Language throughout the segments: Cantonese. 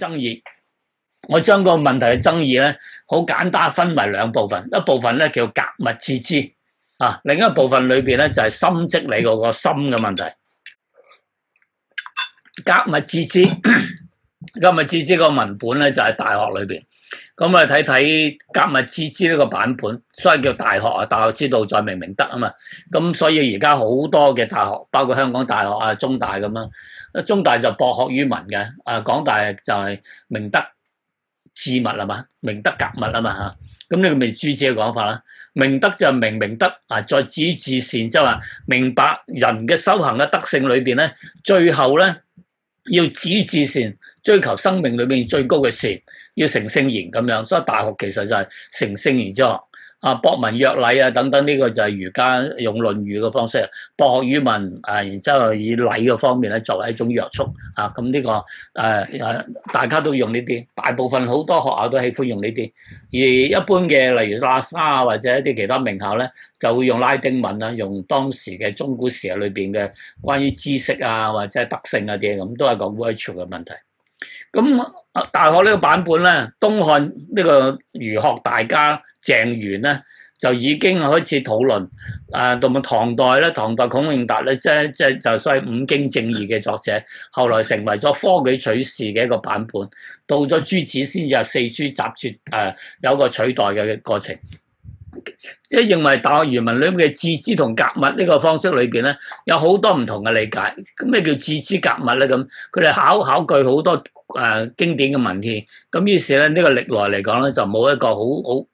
爭議，我將個問題嘅爭議咧，好簡單分為兩部分，一部分咧叫格物致知，啊，另一部分裏邊咧就係、是、心即理嗰個心嘅問題。格物致知，格物致知個文本咧就喺、是、大學裏邊。咁啊，睇睇格物致知呢個版本，所以叫大學啊。大學之道，在明明德啊嘛。咁所以而家好多嘅大學，包括香港大學啊、中大咁樣。中大就博學於文嘅，啊港大就係明德致物啊嘛。明德格物啊嘛嚇。咁呢個咪朱子嘅講法啦。明德就係明明德啊，在止於至善，即係話明白人嘅修行嘅德性裏邊咧，最後咧。要止於至善，追求生命裏面最高嘅善，要成聖賢咁樣，所以大學其實就係成聖賢之學。啊！博文約禮啊，等等呢、這個就係儒家用《論語》嘅方式，博學於文啊，然之後以禮嘅方面咧作為一種約束啊。咁、這、呢個誒誒、啊啊，大家都用呢啲，大部分好多學校都喜歡用呢啲。而一般嘅，例如喇沙或者一啲其他名校咧，就會用拉丁文啊，用當時嘅中古時候裏邊嘅關於知識啊或者係德性啊啲咁，都係講 virtual 嘅問題。咁大學呢個版本咧，東漢呢個儒學大家鄭玄咧就已經開始討論，誒、呃，同埋唐代咧，唐代孔穎達咧即係即係就係所謂五經正義嘅作者，後來成為咗科舉取士嘅一個版本，到咗朱子先至係四書集註，誒、呃，有一個取代嘅過程。即係認為大學原文裏邊嘅致知同格物呢個方式裏邊咧，有好多唔同嘅理解。咁咩叫致知格物咧？咁佢哋考考據好多誒、呃、經典嘅文獻。咁於是咧呢、這個歷來嚟講咧，就冇一個好好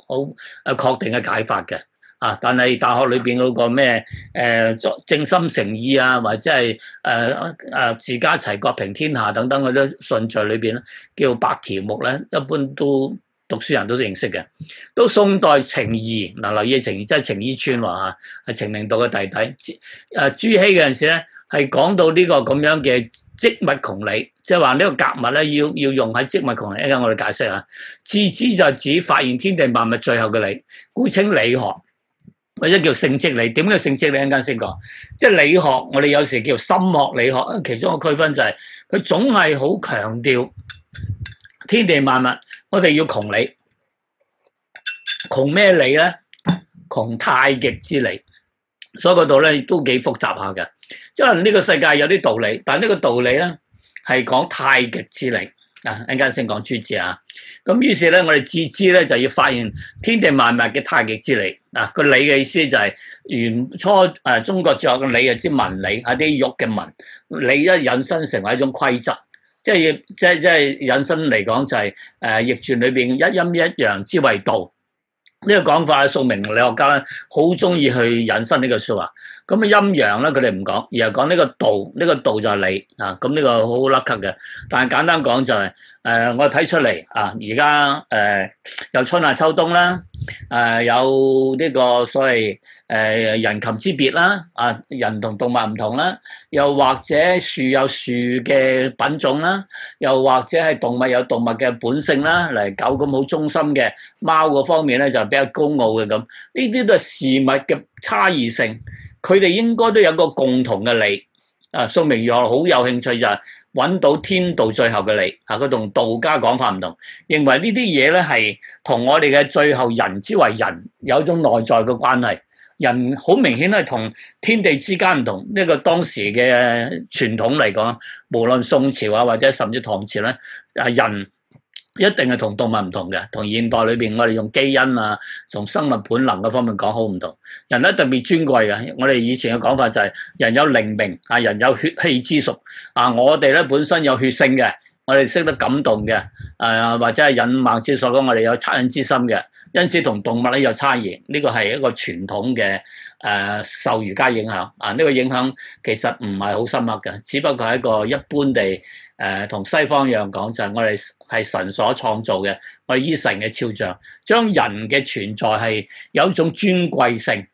好誒確定嘅解法嘅。啊，但係大學裏邊嗰個咩誒、呃、正心誠意啊，或者係誒誒齊家治國平天下等等嗰啲順序裏邊咧，叫八條目咧，一般都。讀書人都認識嘅，都宋代程頤，嗱留意程頤，即係程伊川話吓，係程明道嘅弟弟。誒，朱熹嗰陣時咧，係講到呢個咁樣嘅積物窮理，即係話呢個格物咧，要要用喺積物窮理。一陣我哋解釋下，致知就指發現天地萬物最後嘅理，故稱理學，或者叫性即理。點解性即理一陣先講，即係理學，我哋有時叫心學理學，其中一個區分就係佢總係好強調。天地萬物，我哋要窮理，窮咩理咧？窮太極之理，所以嗰度咧都幾複雜下嘅。即係呢個世界有啲道理，但呢個道理咧係講太極之理。啊，陣間先講知之啊。咁於是咧，我哋自知之咧就要發現天地萬物嘅太極之理。嗱、啊，個理嘅意思就係、是、原初誒、呃、中國著嘅理嘅之文理啊啲玉嘅文理，一，文理一引申成為一種規則。即係即係即係引申嚟講就係、是、誒、啊、易傳裏邊一陰一陽之為道呢、這個講法，宋明理學家咧好中意去引申呢個説話。咁啊陰陽咧佢哋唔講，而係講呢個道，呢、這個道就係理，啊。咁呢個好好 l u c k 嘅。但係簡單講就係、是、誒、啊，我睇出嚟啊，而家誒又春夏秋冬啦。誒、呃，有呢、這個所謂誒、呃、人禽之別啦，啊，人同動物唔同啦，又或者樹有樹嘅品種啦，又或者係動物有動物嘅本性啦，嚟，狗咁好忠心嘅，貓嗰方面咧就比較高傲嘅咁，呢啲都係事物嘅差異性，佢哋應該都有個共同嘅理。啊，宋明儒好有興趣就揾到天道最後嘅理。啊，佢同道家講法唔同，認為呢啲嘢咧係同我哋嘅最後人之為人有一種內在嘅關係，人好明顯係同天地之間唔同呢個當時嘅傳統嚟講，無論宋朝啊或者甚至唐朝咧、啊，啊人。一定係同動物唔同嘅，同現代裏邊我哋用基因啊，從生物本能嘅方面講好唔同。人咧特別尊貴嘅，我哋以前嘅講法就係人有靈命啊，人有血氣之屬啊，我哋咧本身有血性嘅。我哋識得感動嘅，誒、呃、或者係引孟子所講，我哋有惻隱之心嘅，因此同動物咧有差異。呢、這個係一個傳統嘅誒、呃、受儒家影響，啊呢、這個影響其實唔係好深刻嘅，只不過係一個一般地誒同、呃、西方一樣講就係、是、我哋係神所創造嘅，我哋依神嘅肖像，將人嘅存在係有一種尊貴性，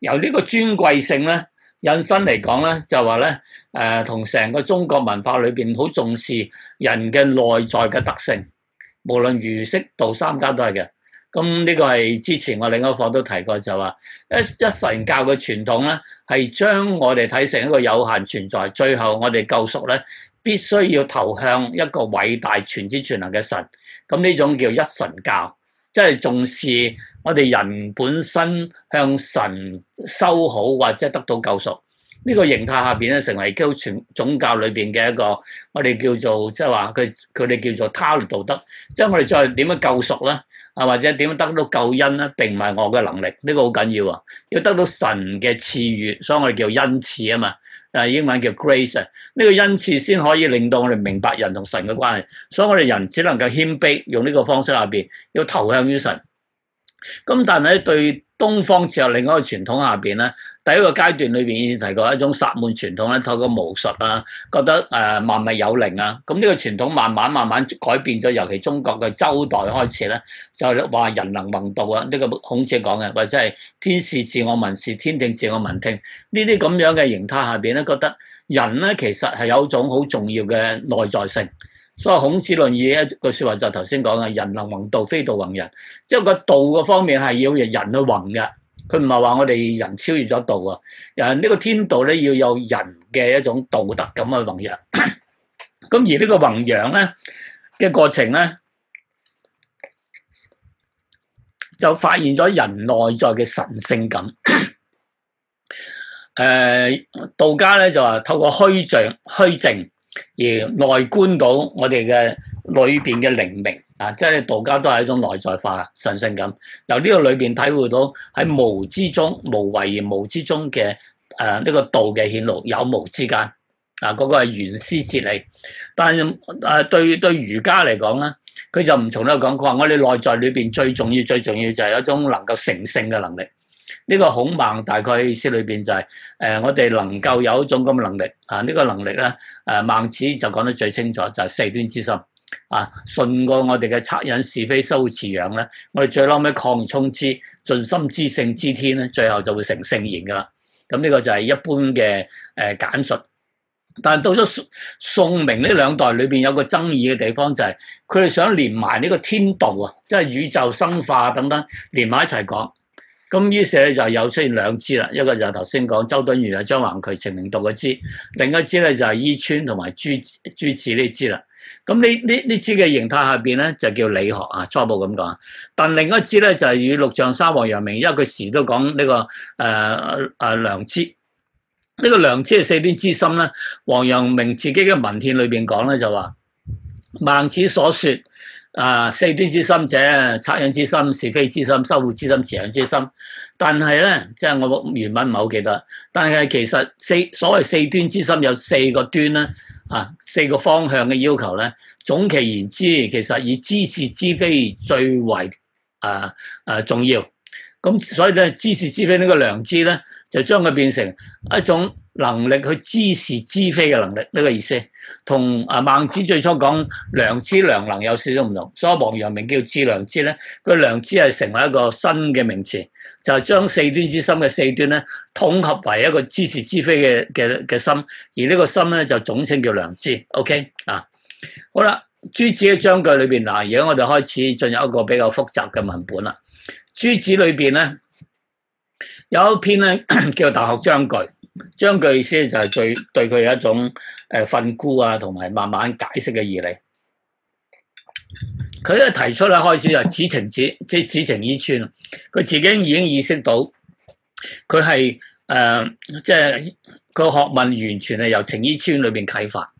由呢個尊貴性咧。引申嚟講咧，就話咧，誒同成個中國文化裏邊好重視人嘅內在嘅特性，無論儒、釋、道三家都係嘅。咁、嗯、呢、這個係之前我另一課都提過，就話一一神教嘅傳統咧，係將我哋睇成一個有限存在，最後我哋救贖咧必須要投向一個偉大全知全能嘅神，咁、嗯、呢種叫一神教。即係重視我哋人本身向神修好，或者得到救贖，呢個形態下邊咧，成為基督宗教裏邊嘅一個我哋叫做即係話佢佢哋叫做他律道德。即係我哋再點樣救贖咧，啊或者點樣得到救恩咧，並唔係我嘅能力，呢個好緊要啊！要得到神嘅賜予，所以我哋叫恩賜啊嘛。但係英文叫 grace，呢個恩賜先可以令到我哋明白人同神嘅關係，所以我哋人只能夠謙卑，用呢個方式下邊，要投向於神。咁但係對。東方自有，另外一個傳統下邊咧，第一個階段裏邊已經提過一種薩滿傳統咧，透過巫術啊，覺得誒、呃、萬物有靈啊。咁呢個傳統慢慢慢慢改變咗，尤其中國嘅周代開始咧，就話人能弘道啊。呢、這個孔子講嘅，或者係天視自我民視，天聽自我民聽，這這呢啲咁樣嘅形態下邊咧，覺得人咧其實係有種好重要嘅內在性。所以孔子論語一個說話就頭先講嘅，人能弘道，非道弘人，即係個道嘅方面係要人去弘嘅，佢唔係話我哋人超越咗道啊。誒，呢個天道咧，要有人嘅一種道德咁去弘揚。咁 而個宏呢個弘揚咧嘅過程咧，就發現咗人內在嘅神聖感。誒、 呃，道家咧就話透過虛象虛靜。而內觀到我哋嘅裏邊嘅靈明啊，即係道家都係一種內在化神聖感，由呢個裏邊體會到喺無之中無為而無之中嘅，誒，呢個道嘅顯露，有無之間啊，嗰、這個係原師哲理。但係誒、啊、對對儒家嚟講咧，佢就唔從呢度講，佢話我哋內在裏邊最重要最重要就係一種能夠成聖嘅能力。呢個孔孟大概意思裏邊就係、是、誒、呃，我哋能夠有一種咁嘅能力啊！呢、這個能力咧，誒、啊、孟子就講得最清楚，就是、四端之心啊，信過我哋嘅惻隱是非、羞惡辭讓咧，我哋最嬲尾擴充之盡心知性知天咧，最後就會成聖賢噶啦。咁呢個就係一般嘅誒、呃、簡述。但係到咗宋，宋明呢兩代裏邊有個爭議嘅地方就係、是，佢哋想連埋呢個天道啊，即、就、係、是、宇宙生化等等連埋一齊講。咁於是咧就有出現兩支啦，一個就係頭先講周敦頤啊、張橫渠、程明道嘅支，另一支咧就係、是、伊川同埋朱朱子呢支啦。咁呢呢呢支嘅形態下邊咧就叫理學啊，初步咁講。但另一支咧就係、是、與陸象山、王陽明，因為佢時都講呢、這個誒誒良知。呢、呃呃這個良知係四端之心咧，王陽明自己嘅文獻裏邊講咧就話孟子所說。啊！四端之心者，惻隱之心、是非之心、羞惡之心、慈祥之心。但係咧，即係我原文唔係好記得。但係其實四所謂四端之心有四個端啦，啊四個方向嘅要求咧。總其言之，其實以知是知非最為啊啊重要。咁所以咧，知是知非呢個良知咧，就將佢變成一種。能力去知是知非嘅能力，呢個意思，同啊孟子最初講良知良能有少少唔同。所以王陽明叫知良知咧，個良知係成為一個新嘅名詞，就係將四端之心嘅四端咧統合為一個知是知非嘅嘅嘅心，而呢個心咧就總稱叫良知。OK 啊，好啦，朱子嘅章句裏邊嗱，而家我哋開始進入一個比較複雜嘅文本啦。朱子裏邊咧有一篇咧叫大學章句。將佢先就係最對佢有一種誒訓詁啊，同埋慢慢解釋嘅意思。佢一提出咧開始就子程子，即係子程伊川啊。佢自己已經意識到佢係誒，即係個學問完全係由程伊川裏邊啟發。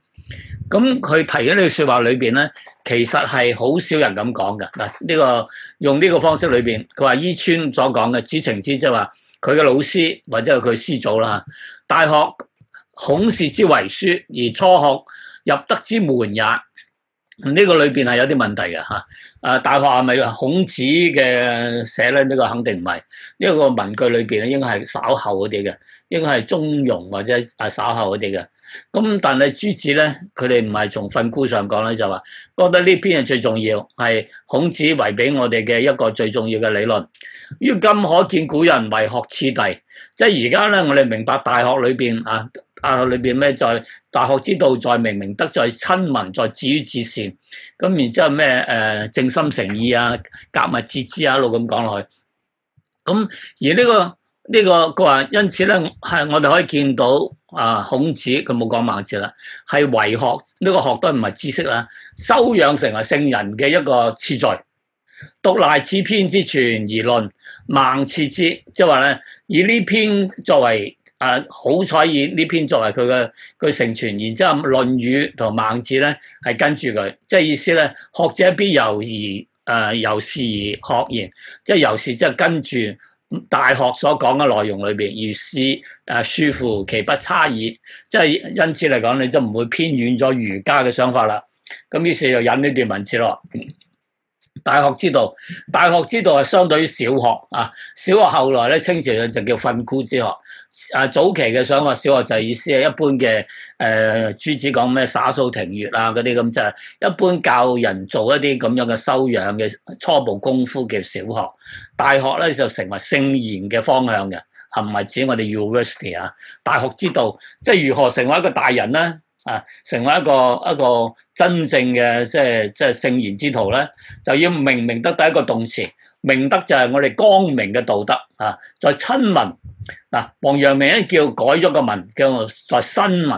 咁佢提咗呢句說話裏邊咧，其實係好少人咁講嘅嗱。呢、這個用呢個方式裏邊，佢話伊川所講嘅子程子，即係話。佢嘅老師或者係佢師祖啦，大學孔氏之遺書而初學入德之門也，呢個裏邊係有啲問題嘅吓。啊，大學係咪、這個啊、孔子嘅寫咧？呢、這個肯定唔係，呢、這、因為個文句裏邊咧應該係稍後嗰啲嘅，應該係中庸或者啊稍後嗰啲嘅。咁但係朱子咧，佢哋唔係從訓詁上講咧，就話覺得呢篇係最重要，係孔子遺俾我哋嘅一個最重要嘅理論。於今可見古人為學次第，即係而家咧，我哋明白大學裏邊啊，大學裏邊咩在大學之道，在明明德，在親民，在止於至善，咁然之後咩誒、呃、正心誠意啊，格物致知啊，一路咁講落去。咁而呢、呢個呢、呢個佢話，因此咧係我哋可以見到啊，孔子佢冇講孟子啦，係為學呢、呢個學都唔係知識啦，修養成為聖人嘅一個次序。讀賴此篇之傳而論孟次之，即係話咧，以呢篇作為誒好彩以呢篇作為佢嘅佢成傳，然之後論《論語》同《孟子》咧係跟住佢，即係意思咧，學者必由而誒、呃、由是而學言，即係由是，即係跟住《大學》所講嘅內容裏邊，如是誒庶乎其不差矣，即係因此嚟講，你就唔會偏遠咗儒家嘅想法啦。咁於是就引呢段文字咯。大學之道，大學之道係相對於小學啊。小學後來咧，清朝就叫訓詁之學。啊，早期嘅小學，小學就係意思係一般嘅誒，朱、呃、子講咩灑掃庭月啊」啊嗰啲咁，就係一般教人做一啲咁樣嘅修養嘅初步功夫嘅小學。大學咧就成為聖賢嘅方向嘅，係唔係指我哋 University 啊？大學之道，即係如何成為一個大人啦。啊，成為一個一個真正嘅即係即係聖賢之徒咧，就要明明德，第一個動詞，明德就係我哋光明嘅道德啊，在親民嗱、啊，王陽明咧、啊、叫改咗個民叫在新民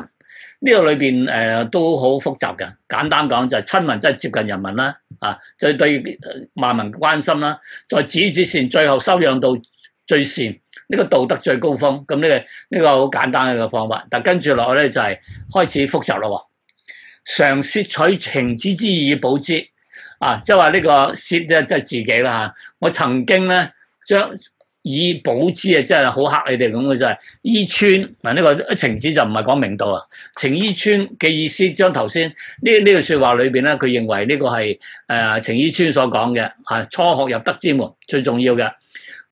呢個裏邊誒都好複雜嘅，簡單講就係親民，真係接近人民啦啊，就對萬民關心啦，在止至善，最後修養到最善。呢個道德最高峰，咁、這、呢個呢、這個好簡單嘅方法。但跟住落去咧就係開始複雜咯。常竊取程子之意以保之，啊，即係話呢個竊即即係自己啦吓、啊。我曾經咧將以保之、就是、啊，真係好黑你哋咁嘅就係伊川嗱，呢個程子就唔係講明道啊，程伊川嘅意思剛剛，將頭先呢呢句說話裏邊咧，佢認為呢個係誒程伊川所講嘅吓，初學入德之門最重要嘅。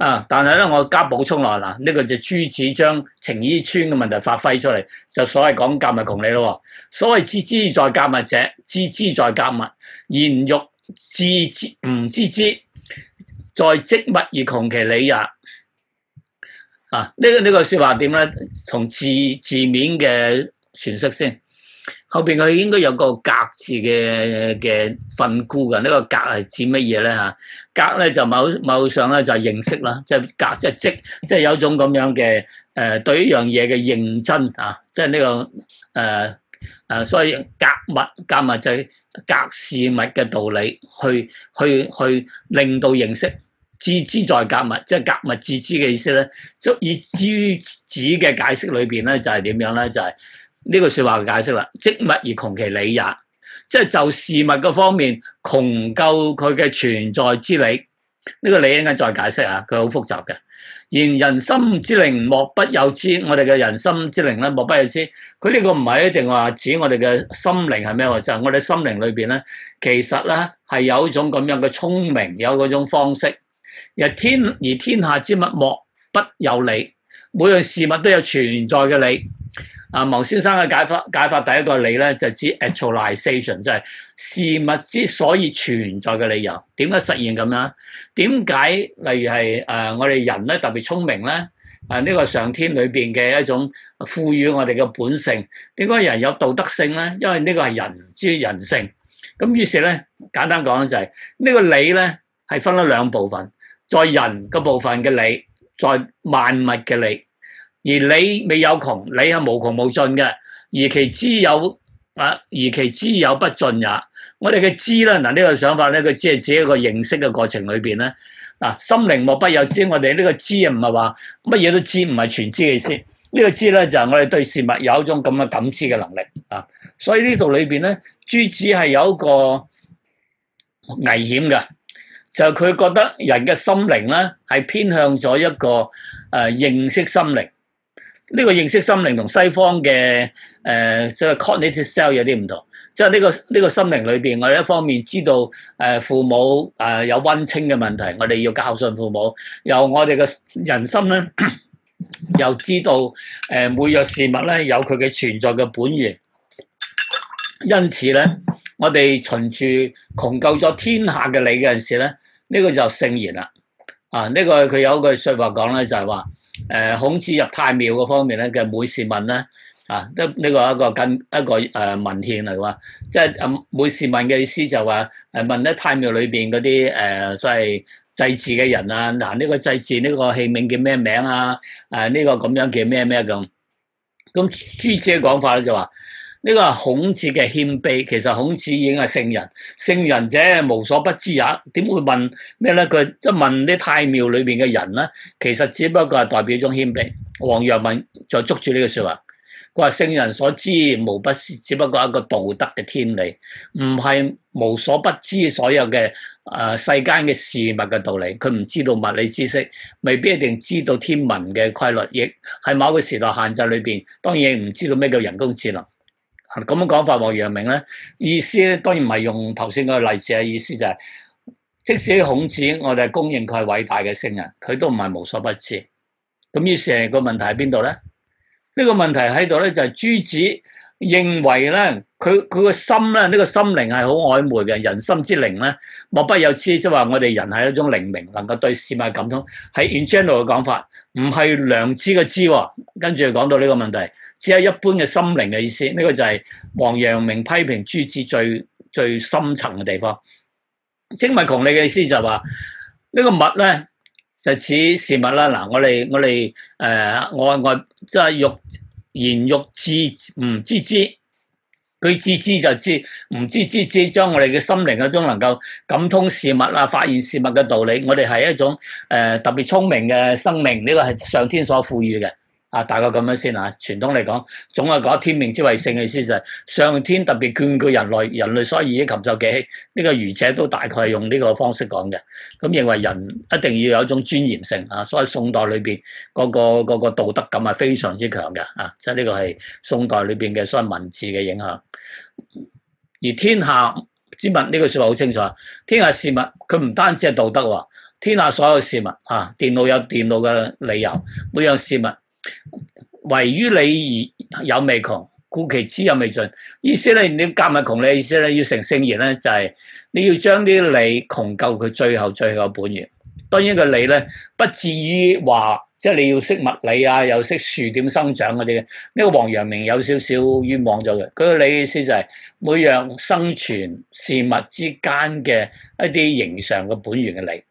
啊！但係咧，我加補充落嗱，呢、這個就朱子將程伊川嘅問題發揮出嚟，就所謂講格物窮理咯。所謂致知在格物者，致知在格物；言欲致吾之知在即物而窮其理也。啊！這個這個、說呢個呢個説話點咧？從字字面嘅詮釋先。後邊佢應該有個格字嘅嘅訓詁嘅，呢、這個格係指乜嘢咧？吓，格咧就某某上咧就認識啦，就是就是、即係格即係即即係有種咁樣嘅誒、呃、對一樣嘢嘅認真啊，即係呢個誒誒、呃啊，所以格物格物就係格事物嘅道理，去去去令到認識，致知在格物，即係格物致知嘅意思咧。所以朱子嘅解釋裏邊咧就係、是、點樣咧就係、是。呢個說話嘅解釋啦，即物而窮其理也，即係就事物嘅方面窮究佢嘅存在之理。呢、這個理一陣再解釋吓，佢好複雜嘅。然人心之靈莫不有知，我哋嘅人心之靈咧莫不有知。佢呢個唔係一定話指我哋嘅心靈係咩話，就係、我哋心靈裏邊咧，其實咧係有一種咁樣嘅聰明，有嗰種方式。而天而天下之物莫不有理，每樣事物都有存在嘅理。啊，毛先生嘅解法，解法第一個理咧就指 actualization，就係事物之所以存在嘅理由，點解實現咁樣？點解例如係誒、呃，我哋人咧特別聰明咧？誒、啊，呢、這個上天裏邊嘅一種賦予我哋嘅本性，點解人有道德性咧？因為呢個係人之人性。咁於是咧，簡單講就係、是、呢、這個理咧係分咗兩部分，在人嘅部分嘅理，在萬物嘅理。而你未有窮，你係無窮無盡嘅；而其知有啊，而其知有不盡也。我哋嘅知咧，嗱、這、呢個想法咧，佢只係指一個認識嘅過程裏邊咧。嗱，心靈莫不有知，我哋呢個知啊，唔係話乜嘢都知，唔係全知嘅意思。呢、這個知咧，就係、是、我哋對事物有一種咁嘅感知嘅能力啊。所以面呢度裏邊咧，朱子係有一個危險嘅，就係佢覺得人嘅心靈咧係偏向咗一個誒、呃、認識心靈。呢個認識心靈同西方嘅誒，即、呃、係 cognitive self 有啲唔同，即係呢、這個呢、這個心靈裏邊，我哋一方面知道誒、呃、父母誒、呃、有溫清嘅問題，我哋要教訓父母；由我哋嘅人心咧、呃，又知道誒每樣事物咧有佢嘅存在嘅本源，因此咧，我哋循住窮究咗天下嘅理嗰陣時咧，呢、這個就聖言啦。啊，呢、這個佢有一句説話講咧，就係、是、話。誒孔子入太廟嘅方面咧嘅每事問咧，啊，一、這、呢個一個近一個誒、呃、文獻嚟喎，即係誒、啊、每事問嘅意思就話誒、啊、問咧太廟裏邊嗰啲誒即係祭祀嘅人啊，嗱、啊、呢、這個祭祀呢個器皿叫咩名啊？誒、啊、呢、這個咁樣叫咩咩咁？咁朱子講法咧就話、是。呢個係孔子嘅謙卑，其實孔子已經係聖人。聖人者無所不知也，點會問咩咧？佢即係問啲太廟裏邊嘅人啦。其實只不過係代表一種謙卑。王陽明就捉住呢個說話，佢話聖人所知無不是，只不過係一個道德嘅天理，唔係無所不知所有嘅誒、呃、世間嘅事物嘅道理。佢唔知道物理知識，未必一定知道天文嘅規律，亦係某個時代限制裏邊，當然唔知道咩叫人工智能。咁嘅講法和陽明咧，意思咧，當然唔係用頭先嗰個例子嘅意思就係、是、即使孔子，我哋係公認佢係偉大嘅聖人，佢都唔係無所不知。咁於成個問題喺邊度咧？呢個問題喺度咧，就係朱子認為咧，佢佢、這個心咧，呢個心靈係好曖昧嘅。人心之靈咧，莫不有知，即係話我哋人係一種靈明，能夠對事物嘅感通。喺 in general 嘅講法，唔係良知嘅知、哦。跟住講到呢個問題，只係一般嘅心靈嘅意思。呢、這個就係王陽明批評朱子最最深層嘅地方。格物窮理嘅意思就話、是，呢、這個物咧就似事物啦。嗱，我哋我哋誒我，愛、呃、即係欲。言欲、嗯、知唔知知，佢知知就知，唔知知知將我哋嘅心靈啊，嗰種能夠感通事物啊，發現事物嘅道理。我哋係一種誒、呃、特別聰明嘅生命，呢、這個係上天所賦予嘅。啊，大概咁樣先啊！傳統嚟講，總係講天命之謂性嘅意思，就係上天特別眷顧人類，人類所以異於禽獸幾希。呢、這個儒者都大概用呢個方式講嘅。咁、嗯、認為人一定要有一種尊嚴性啊，所以宋代裏邊嗰、那個嗰、那個道德感係非常之強嘅啊！即係呢個係宋代裏邊嘅所謂文字嘅影響。而天下之物呢、這個說話好清楚，天下事物佢唔單止係道德喎，天下所有事物啊，電腦有電腦嘅理由，每樣事物。唯於理而有未窮，故其知有未盡。意思咧，你格物窮咧，你意思咧，要成聖賢咧，就係、是、你要將啲理窮究佢最後最後本源。當然個理咧，不至於話即係你要識物理啊，又識樹點生長嗰啲嘅。呢、這個王陽明有少少冤枉咗嘅。佢嘅理意思就係每樣生存事物之間嘅一啲形上嘅本源嘅理。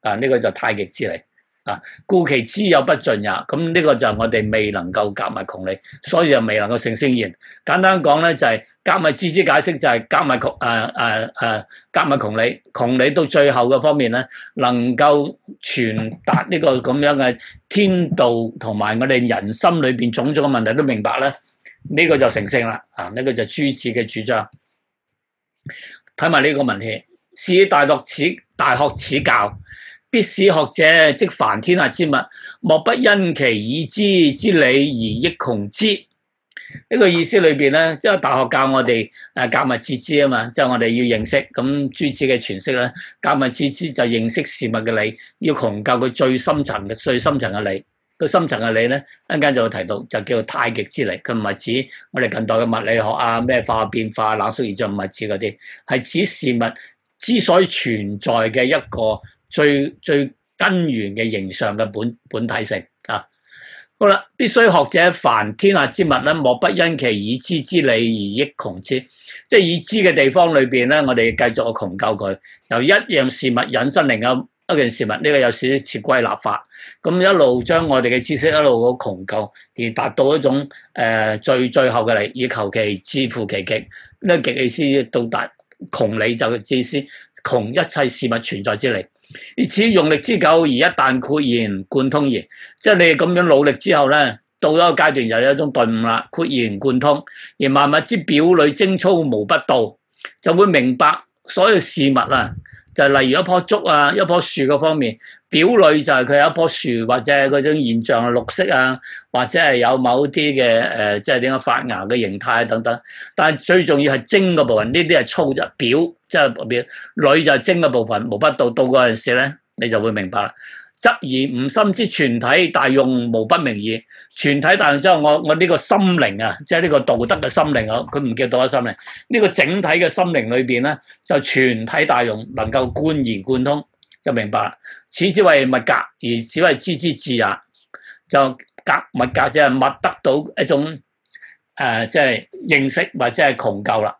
啊，呢、這個就太極之理。啊！故其知有不盡也，咁呢個就係我哋未能夠夾埋窮理，所以就未能夠成聖賢。簡單講咧，就係夾埋知字解釋，就係夾埋窮誒誒誒，夾、呃、埋窮理，窮理到最後嘅方面咧，能夠傳達呢個咁樣嘅天道同埋我哋人心裏邊種種嘅問題都明白咧，呢、這個就成聖啦。啊，呢、這個就朱子嘅主張。睇埋呢個問題，是大學始大學始教。必使學者即凡天下之物，莫不因其已知之理而益窮之。呢、這個意思裏邊咧，即、就、係、是、大學教我哋誒、啊，格物致知啊嘛，即、就、係、是、我哋要認識，咁朱子嘅詮釋咧，格物致知就認識事物嘅理，要窮究佢最深層嘅最深層嘅理。個深層嘅理咧，一陣間就會提到，就叫做太極之理。佢唔係指我哋近代嘅物理學啊，咩化學變化、冷縮熱脹、物質嗰啲，係指事物之所以存在嘅一個。最最根源嘅形象嘅本本體性啊，好啦，必須學者凡天下之物咧，莫不因其已知之理而益窮之。即係已知嘅地方裏邊咧，我哋繼續窮究佢，由一樣事物引申另一一件事物。呢、這個有少少切歸立法。咁一路將我哋嘅知識一路咁窮究，而達到一種誒、呃、最最後嘅理，以求其至乎其極。呢、這個極意思到達窮理就知思，窮一切事物存在之理。以此用力之久，而一旦豁然貫通而，即係你咁樣努力之後咧，到咗個階段又有一種頓悟啦。豁然貫通，而萬物之表裏精粗無不到，就會明白所有事物啦。就例如一樖竹啊，一樖樹嗰方面，表裏就係佢有一樖樹或者係嗰種現象啊，綠色啊，或者係有某啲嘅誒，即係點樣發芽嘅形態等等。但係最重要係精嘅部分，呢啲係粗就表，即係表裏就係精嘅部分。無不道到嗰陣時咧，你就會明白。而吾心之全體大用，無不明矣。全體大用之後，我我呢個心靈啊，即係呢個道德嘅心靈啊，佢唔叫道德心靈。呢、這個整體嘅心靈裏邊咧，就全體大用能夠豁然貫通，就明白。此之為物格，而此為知之至也。就格物格即係物得到一種誒、呃，即係認識或者係窮究啦。